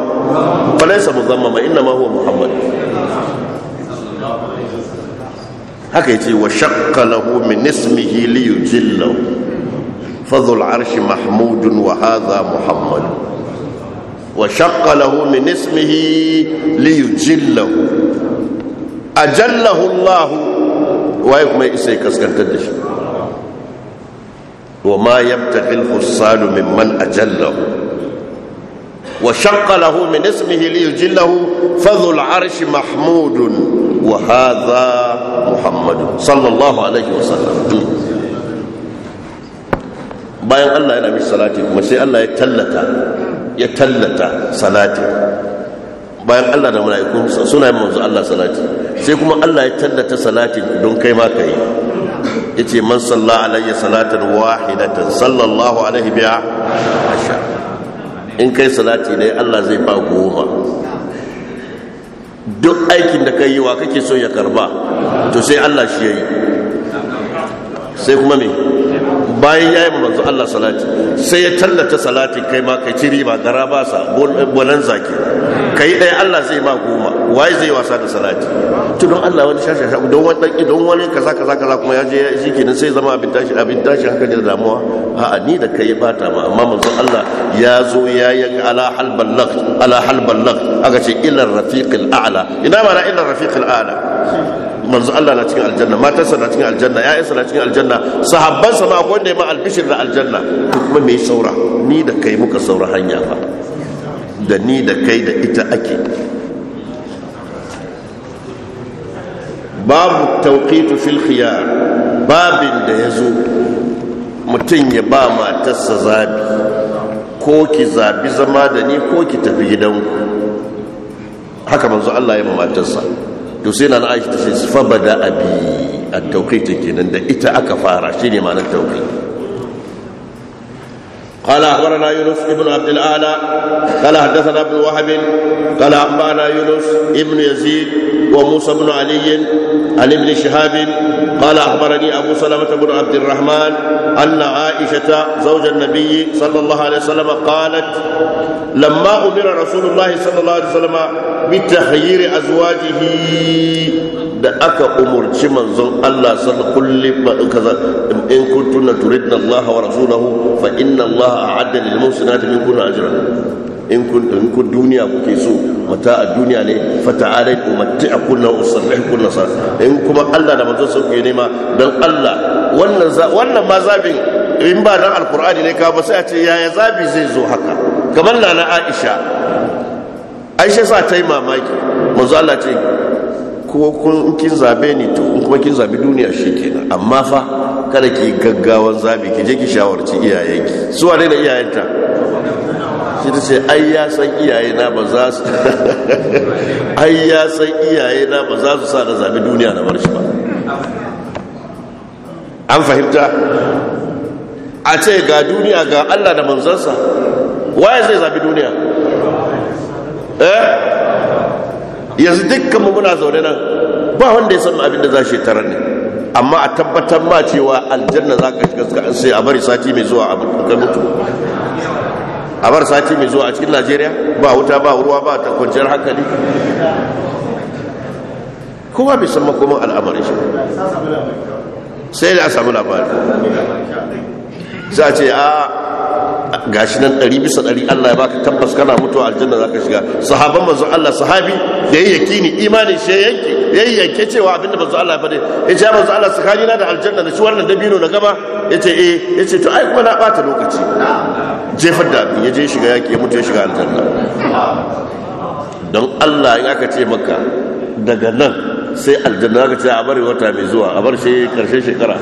ba laisa muzammam inna ma huwa muhammad haka yace wa shaqqa lahu min ismihi li yujillahu fadhul arshi mahmudun wa hadha muhammad وشق له من اسمه ليجله ajallahu Allah waye kuma isai kaskantar da shi wa ma yabtaqi al-fussalu mimman ajallahu wa shaqqa min ismihi li yujillahu fadhul arshi mahmudun wa hadha muhammadun sallallahu alaihi wa sallam bayan Allah ya mishi salati kuma sai Allah ya tallata ya tallata salati bayan Allah da mala'ikunsa suna yin manzo Allah salati sai kuma Allah ya tallata salati don kai ma kai yace man salla alayya salatan wahidatan sallallahu alaihi biha asha in kai salati dai Allah zai ba goma duk aikin da kai yi wa kake so ya karba to sai Allah shi yayi sai kuma me bayan ya yi manzo Allah salati sai ya tallata salatin kai ma kai ci riba gara ba sa bolan zaki kai ɗaya Allah zai ma goma waye zai wasa da salati to don Allah wani shashi shashi don wani ɗan don wani kaza kaza kaza kuma ya je ya shi kenan sai zama abin tashi abin tashi haka da damuwa a'a ni da kai bata ma amma manzo Allah ya zo ya yi ala hal ballagh ala hal ballagh aka ce ila rafiqil a'la ina ma ila rafiqil a'la manzo Allah na cikin aljanna matarsa na cikin aljanna ƴaƴansa na cikin aljanna sahabbansa ma akwai ma albishir da aljanna to kuma me saura ni da kai muka saura hanya fa da ni da kai da ita ake babu tauqitu fil khiyar babin da yazo mutum ya ba matarsa zabi ko ki zabi zama da ni ko ki tafi gidanku haka manzo Allah ya ma matarsa to sai na aisha ta ce fa bada abi at-tawqit kenan da ita aka fara shine ma'anar tawqit قال اخبرنا يونس بن عبد الاعلى قال حدثنا ابن وهب قال انبانا يونس بن يزيد وموسى بن علي عن ابن شهاب قال اخبرني ابو سلمه بن عبد الرحمن ان عائشه زوج النبي صلى الله عليه وسلم قالت لما امر رسول الله صلى الله عليه وسلم بتخيير ازواجه da aka umarci manzon Allah sallallahu kulli kaza in na turidna Allah wa rasulahu fa inna Allah a'adda lil muhsinati minkunna ajran in kun kun duniya kuke so mata a duniya ne fa ta'ala umatti'kunna wa usarrihkunna sa in kuma Allah da manzon sun ke nema dan Allah wannan wannan ma zabin in ba dan alqur'ani ne ka ba sai a ce yaya zabi zai zo haka kamar Nana Aisha Aisha sa ta yi mamaki manzo Allah ce ko kin zabe ni to in kuma kin zabi duniya shikenan amma fa kada ki gaggawan zabi ki je ki shawarci iyayenki su wane da iyayenta shi ta ce ai ya san iyaye na ba za su ai ya san iyaye na ba za su sa na zabi duniya na bar shi ba an fahimta a ce ga duniya ga Allah da manzansa waye zai zabi duniya eh yanzu dukkan mu muna zaune nan ba wanda ya san abin da za shi tarar ne amma a tabbatar ma cewa aljanna za ka shiga suka sai a bari sati mai zuwa abin ka mutu a bar sati mai zuwa a cikin najeriya ba wuta ba ruwa ba ta kwanciyar hankali kowa bai san makomin al'amarin shi sai da a samu labari za a ce a gashi nan ɗari bisa ɗari Allah ya baka tabbas kana mutuwa aljanna za ka shiga sahaban manzo Allah sahabi da ya yakini imanin shi yanke ya yanke cewa abinda manzo Allah ya faɗi ya ce manzo Allah sakani na da aljanna da shi wannan dabino na gaba ya ce eh ya ce to ai kuma na bata lokaci jefar da abin ya je shiga yaki ya mutu ya shiga aljanna don Allah ya ka ce maka daga nan sai aljanna ka ce a bari wata mai zuwa a bar shi karshe shekara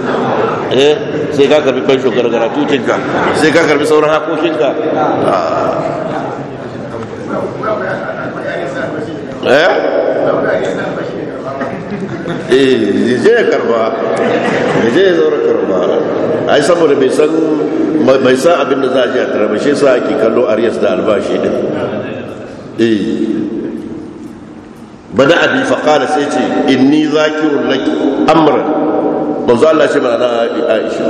eh sai ka karbi ban shekara karatutinka sai ka karbi sauran hakokinka ah. eh eh je karba je zaura karba ai saboda bai san Mai sa abin da za a ji a karba shi sa ake kallo arias da albashi din eh bada abi faqala sai ce inni zakirun laki amran manzo Allah ce mana Aisha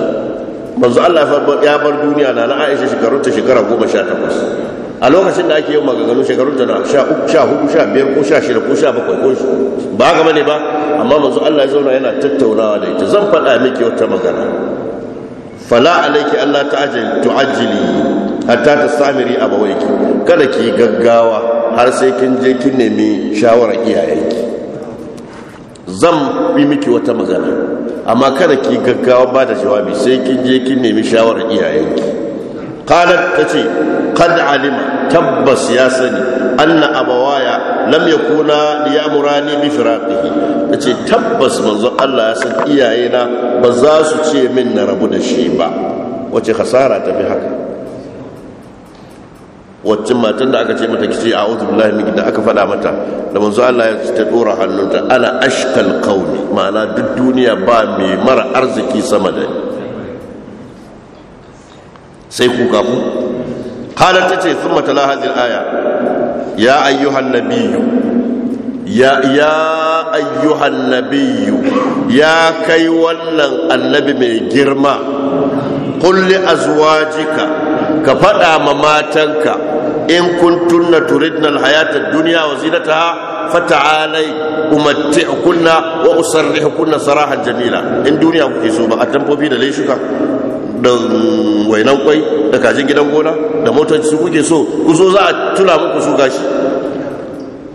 manzo Allah ya bar duniya na Aisha shekarun ta shekara 18 a lokacin da ake yin maganganu shekarun ta 13 14 15 ko 16 ko 17 ko ba haka bane ba amma manzo Allah ya zauna yana tattaunawa da ita zan faɗa miki wata magana fala alayki Allah ta tu'ajjili hatta tasamiri abawayki kada ki gaggawa har sai kin je kin nemi shawarar iyayenki zan yi miki wata magana amma kada ki gaggawa ba da jawabi sai kin je kin nemi shawarar iyayenki qalat tace qad alima tabbas ya sani anna abawaya lam yakuna liyamurani bi firaqihi tace tabbas manzo Allah ya san iyayena ba za su ce min na rabu da shi ba wace khasara ta bi haka waccan matan da aka ce mata kici a uzu billahi da aka faɗa mata da manzo Allah ya ta dora hannunta ana ashkal qaumi ma'ana duk duniya ba mai mara arziki sama da sai ku kafu qalat ce thumma tala hadhihi aya ya ayyuhan nabiyyu ya ya ayyuhan ya kai wannan annabi mai girma qul li azwajika ka faɗa ma matanka in kuntunna turidna alhayata ad-dunya wa zinataha fata'alai umatti'kunna wa usarrihkunna sarahan jamila in duniya kuke so ba a tamfofi da laishuka da wainan kwai da kajin gidan gona da motoci su kuke so ku zo za a tuna muku su gashi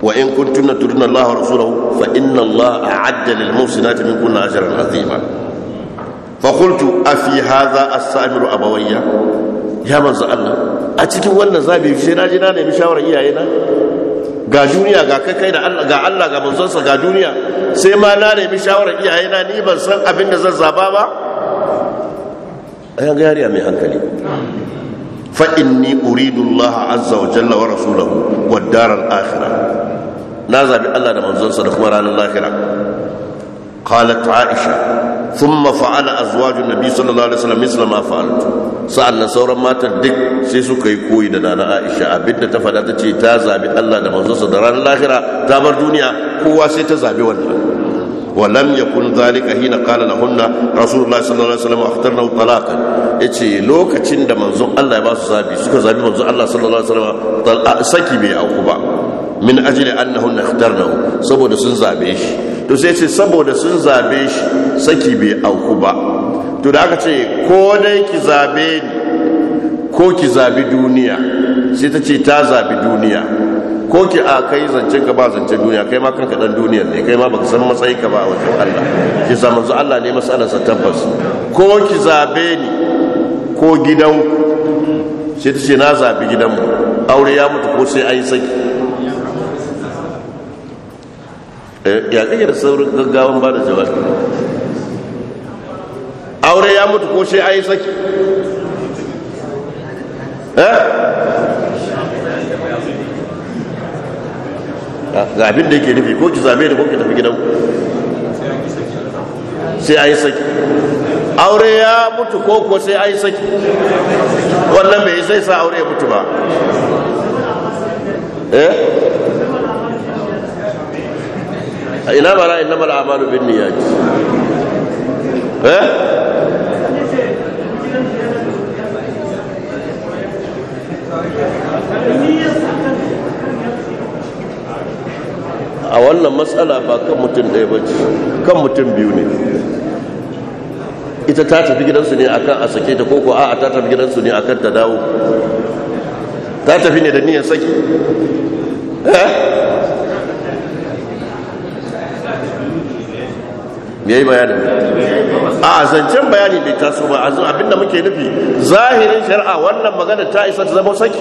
وإن كنتن تردن الله ورسوله فإن الله أعد للمحسنات منكن أجرا عظيما فقلت أفي هذا السامر أبويا ya manzo Allah a cikin wannan zabi sai na je na nemi shawarar iyaye na? ga duniya ga kai kai da Allah ga Allah ga manzonsa ga duniya sai ma na nemi shawarar iyaye na ni ban san abin da zan zaba ba ayan gariya mai hankali fa inni uridu Allah azza wa jalla wa rasulahu wa daral akhirah na zabi Allah da manzonsa da kuma ranar lahira qalat aisha thumma fa'ala azwajun nabi sallallahu alaihi wasallam misla ma fa'altu sa'annan sauran matan duk sai suka yi koyi da nana Aisha abinda ta faɗa ta ce ta zabi Allah da manzonsa da ranar lahira ta bar duniya kowa sai ta zabi wannan ولم يكن ذلك حين قال na رسول الله صلى الله عليه وسلم اخترنا طلاقا yace lokacin da manzon Allah ya ba su zabi suka zabi manzon Allah sallallahu alaihi wasallam saki bai auku ba min ajli annahun ikhtarnahu saboda sun zabe shi to sai yace saboda sun zabe shi saki bai auku ba to da aka ce ko dai ki zabe ni ko ki zabi duniya sai ta ce ta zabi duniya ko ki a kai zancen ka ba zancen duniya kai ma kanka dan duniyar ne kai ma baka san matsayi ka ba a wajen Allah ki samu manzo Allah ne masalan sa tabbas ko ki zabe ni ko gidan sai ta ce na zabi gidanmu aure ya mutu ko sai ayi saki eh, ya kake da saurin gaggawan ba da jawabi aure ya mutu ko sai ayi saki eh ah, ga abin da yake nufi ko ki zame da ko ki tafi gidan sai ayi saki aure ya mutu ko ko sai ayi saki wannan bai sai sa aure ya mutu ba eh ina mara innamal a'malu niyyati eh a wannan matsala ba kan mutum ɗaya ba ce kan mutum biyu ne ita ta tafi gidansu ne akan a sake ta koko a ta tafi gidansu ne akan ta dawo ta tafi ne da niyan saki eh? ya yi bayanin a zancen bayani bai taso ba a abinda muke nufi zahirin shari'a wannan magana ta isa ta zama saki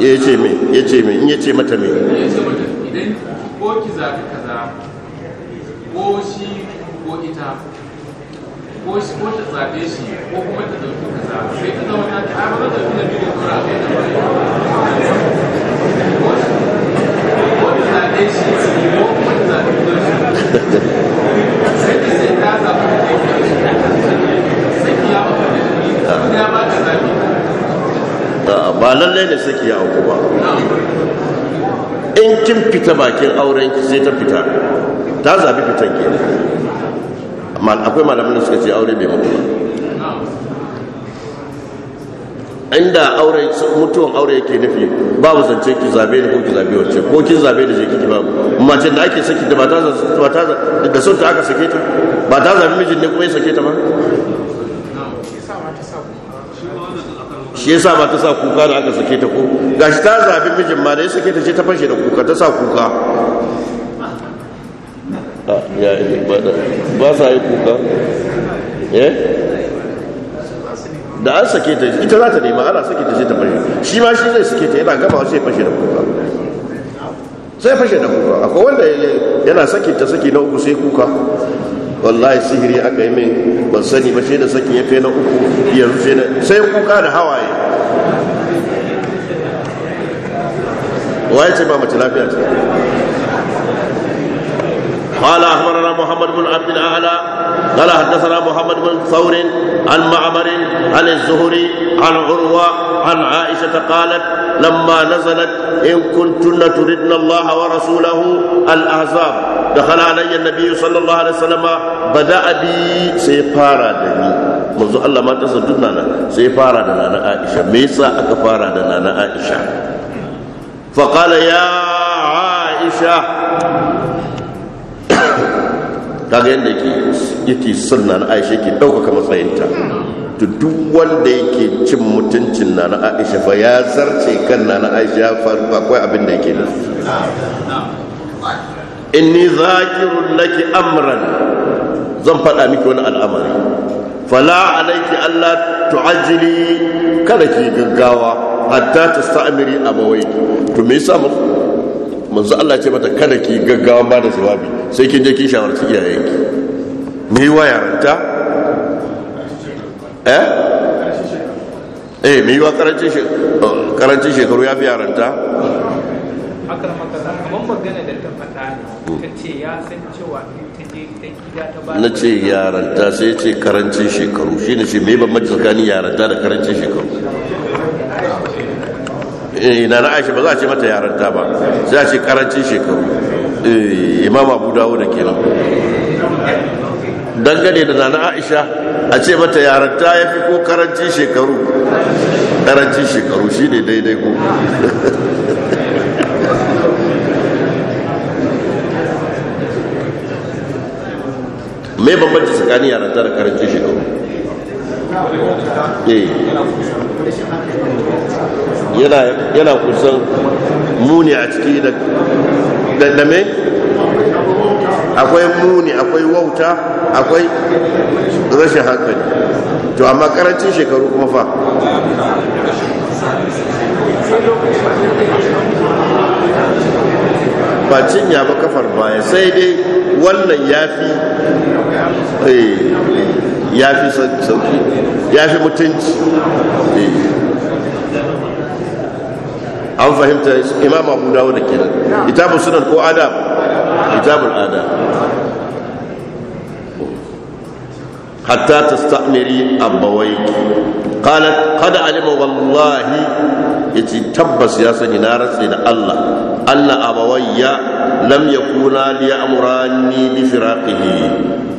ya ce mai ya ce mai in ya ce mata mai idan ko ki zaɓi kaza ko shi ko ita ko shi ko ta zaɓe shi ko kuma ta zaɓi kaza sai ta zama ta ta haɓar da biyu da biyu da ko sai ta ko lallai da saki ya auku ba in kin fita bakin auren ki sai ta fita ta zabi fitan ke ne amma akwai malamin da suka ce aure bai mutu ba inda aure mutuwan aure yake nufi babu zance ki zabe ne ko ki zabe wacce ko ki zabe da jiki ki babu mace da ake saki da ba ta da sun ta aka sake ta ba ta zabi mijin ne kuma ya sake ta ba shi yasa ba ta sa kuka da aka sake ta ko gashi ta zabi mijin ma da ya sake ta ce ta fashe da kuka ta sa kuka ah, ba sa yi kuka eh? da an sake ta ita za ta nema ana sake ta ce ta fashe shi ma shi zai sake ta yana gama sai fashe da kuka sai fashe da kuka akwai wanda yana sake ta sake na uku sai kuka wallahi sihiri aka yi min ban sani ba sai da sakin ya fi na uku yanzu sai kuka da hawaye Wa waye ce ma mace lafiya ce qala ahmarana muhammad bin abd al-ala an aisha qalat lamma nazalat in kuntunna turidna allaha wa rasulahu al-ahzab dakhala ma yasa aka fara aisha فقال يا عائشة kaga yadda yake yake sunna na aisha ke ɗaukaka matsayinta to duk wanda yake cin mutuncin na na aisha fa ya zarce kan na na aisha fa akwai abin da yake nufi inni zakirun laki amran zan faɗa miki wani al'amari fala alaiki allah tu'ajili kada ki gaggawa hatta a bawai to me yasa manzo Allah ce mata kada ki gaggawa ba da jawabi sai kin je kin shawarci iyayenki me yi wa yaranta eh eh me wa karancin shekaru oh, karancin shekaru ya fi yaranta akan makasa kamar magana da ta faɗa ta ce ya san cewa ta je ta gida ta ba na ce yaranta sai ce karancin shekaru ne ce me ban majalkani yaranta da karancin shekaru eh na aisha ba za a ce mata yaranta ba za a ce karancin shekaru imama eh, imam abu dawo da kenan dangane da nana aisha a ce mata yaranta ya fi ko karancin shekaru karancin shekaru shi ne daidai ko me bambanci tsakanin yaranta da karancin shekaru eh. yana kusan muni a ciki da dandame akwai muni akwai wauta akwai rashin hankali to amma karancin shekaru kuma fa ba cinya ba kafar baya sai dai wannan ya fi eh, sauki ya fi mutunci eh. an fahimtar imam abu dawo da kenan kitabun sunan ko adab kitabun adab hatta ta sta'amiri abawai kanat kada alima wallahi ya tabbas ya sani na ratse da allah allah abawai ya lam ya kuna liya amurani bi firaƙihi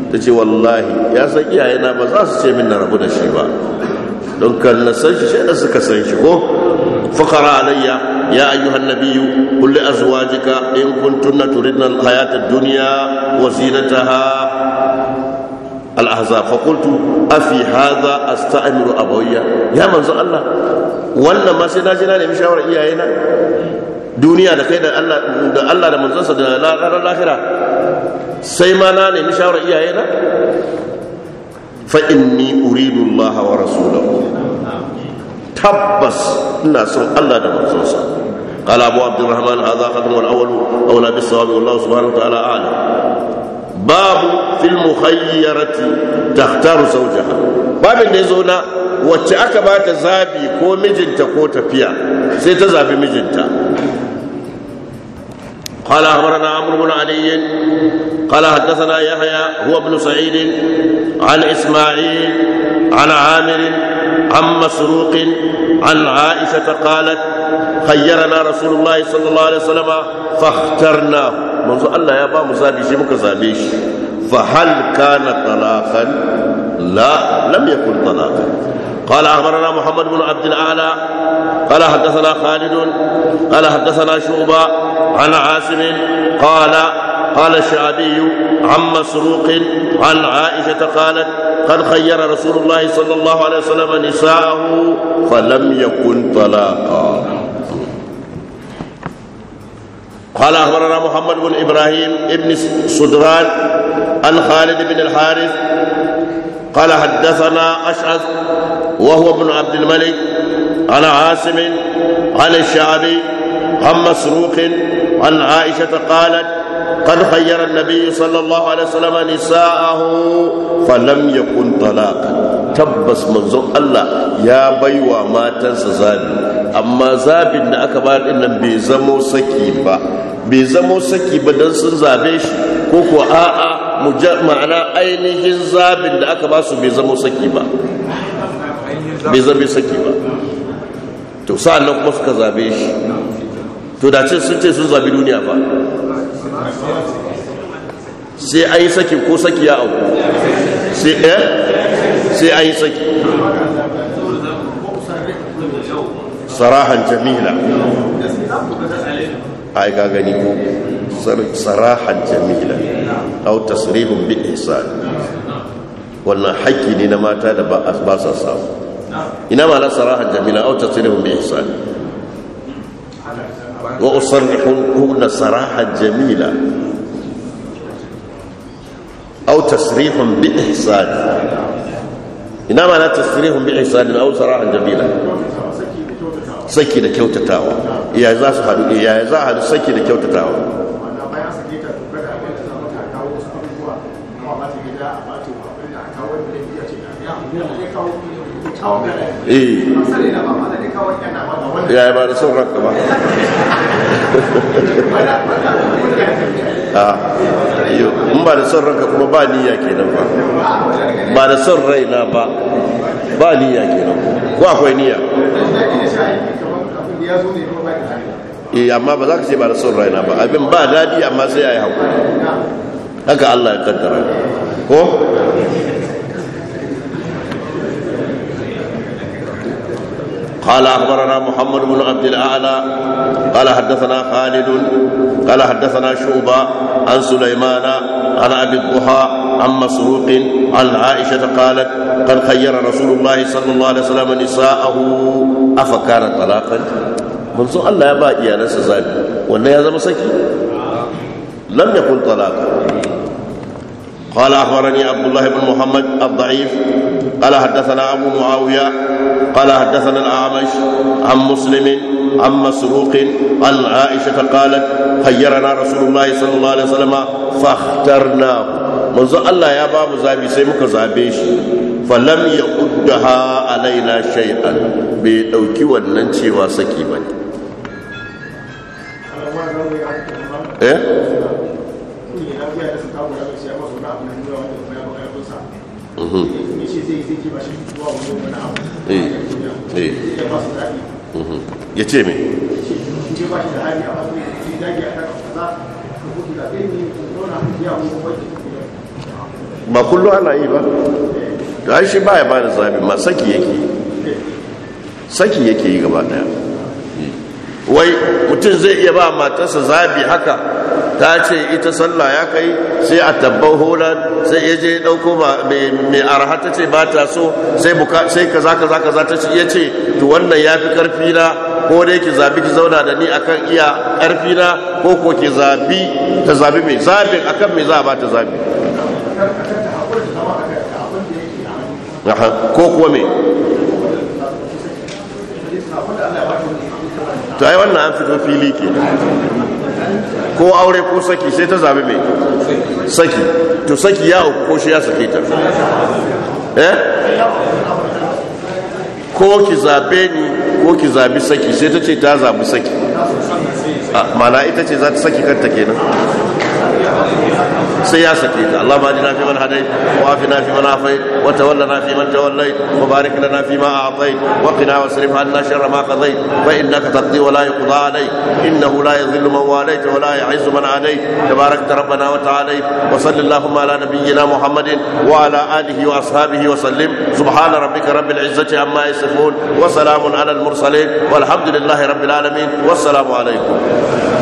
ta ce wallahi ya san iyayena ba za su ce min na rabu da shi ba don kan na san shi shi suka san shi ko fakara alayya يا أيها النبي قل لأزواجك إن كنتن تردن الحياة الدنيا وزينتها الأحزاب فقلت أفي هذا أستأمر أبويا يا من الله ولا ما سيناجنا iyaye na? duniya da kai da Allah da Allah da manzonsa da lahira sai ma na nemi shawarar na? fa inni uridu Allah wa rasulahu tabbas ina son Allah da manzonsa قال أبو عبد الرحمن هذا قدم الأول أولى بالصواب والله سبحانه وتعالى أعلم باب في المخيرة تختار زوجها باب النزونة wacce aka ba ta zabi ko mijinta ko tafiya sai ta zabi mijinta قال اخبرنا عمرو بن علي قال حدثنا يحيى هو ابن سعيد عن اسماعيل عن عامر عن مسروق عن عائشه قالت خيرنا رسول الله صلى الله عليه وسلم فاخترناه منذ الله يا بابا مزابي شي فهل كان طلاقا لا لم يكن طلاقا قال أخبرنا محمد بن عبد الأعلى قال حدثنا خالد قال حدثنا شعبة عن عاصم قال قال الشعبي عن مسروق عن عائشة قالت قد خير رسول الله صلى الله عليه وسلم نساءه فلم يكن طلاقا قال أخبرنا محمد بن إبراهيم بن صدران عن خالد بن الحارث قال حدثنا أشعث وهو ابن عبد الملك عن عاصم عن الشعبي عن مسروق عن عائشة قالت قد خير النبي صلى الله عليه وسلم نساءه فلم يكن طلاقا tabbas manzon Allah ya baiwa matansa zabi amma zabin da aka ba din nan bai zamo saki ba bai zamo saki ba dan sun zabe shi Koko a'a ma'ana ainihin zabin da aka ba su bai zama saki ba bai zama saki ba to sa'an nan kuma suka zabe shi to da ce sun ce sun zabi duniya ba sai an yi saki ko saki ya auku sai eh sai an yi saki sarahan jamila a yi gagani ko sarahan jamila au tasrihun bi ihsan wannan haƙƙi ne na mata da ba sa samu ina ma sarahan jamila au tasrihun bi ihsan wa usarrihun sarahan jamila au tasrihun bi ihsan ina ma tasrihun bi ihsan au sarahan jamila saki da kyautatawa iyaye za su haɗu iyaye za a haɗu saki da kyautatawa Eh. ya yi ba da son ranka ba ah, in ba da son ranka kuma ba niyya kenan ba ba da son raina ba ba niyya kenan ko akwai niyya eh amma ba za ka ce ba da son raina ba abin ba daɗi amma sai ya yi haƙuri haka Allah ya kaddara ko قال اخبرنا محمد بن عبد الاعلى قال حدثنا خالد قال حدثنا شعبه عن سليمان عن ابي الضحى عن مسروق عن عائشه قالت قد خير رسول الله صلى الله عليه وسلم نساءه افكان طلاقا منذ الله يا با iyalansa zabi يا ya zama لم يكن طلاقا قال اخبرني عبد الله بن محمد الضعيف قال حدثنا أبو معاوية قال حدثنا الأعمش عن مسلم عن مسروق عن عائشة قالت خيرنا رسول الله صلى الله عليه وسلم فاخترناه منذ الله يا باب زابي سيمك زابيش فلم يقدها alaina shay'an bai dauki wannan cewa saki ba ne eh ya ce mai ba kullum ana yi ba da shi ba ya ba da zabi ma saki yake saki yake yi gaba daya wai mutum zai iya ba matarsa zabi haka ta ce ita sallah ya kai sai a tabbar holan sai ya je dauko mai arha ta ce ba ta so sai kaza kaza kaza ta ce ya ce to wannan ya fi karfi na ko dai ki zabi ki zauna da ni akan iya karfi na ko ko ki zabi ta zabi mai zabin akan mai za a ba ta zabi ko kuwa me? to ai wannan an fito fili ke ko aure ko saki sai ta zabi mai saki to saki ya uku ko shi ya sake ta eh? ko ki zabe ni ko ki zabi saki sai ta ce ta zabi saki ah, mana ita ce za ta saki kanta kenan sai ya sake ta Allah ma jina fi man hadai wa afina fi man afai wa tawallana fi man tawallai wa barik lana fi ma a'tai wa qina wasrif anna sharra ma qadai fa innaka taqdi wa la yuqda alayk innahu la yadhillu man walayt wa la yu'izzu man adayt tabarakta rabbana wa ta'ala wa sallallahu ala nabiyyina muhammadin wa ala alihi wa ashabihi wa sallim subhana rabbika rabbil wa والحمد لله رب العالمين والسلام عليكم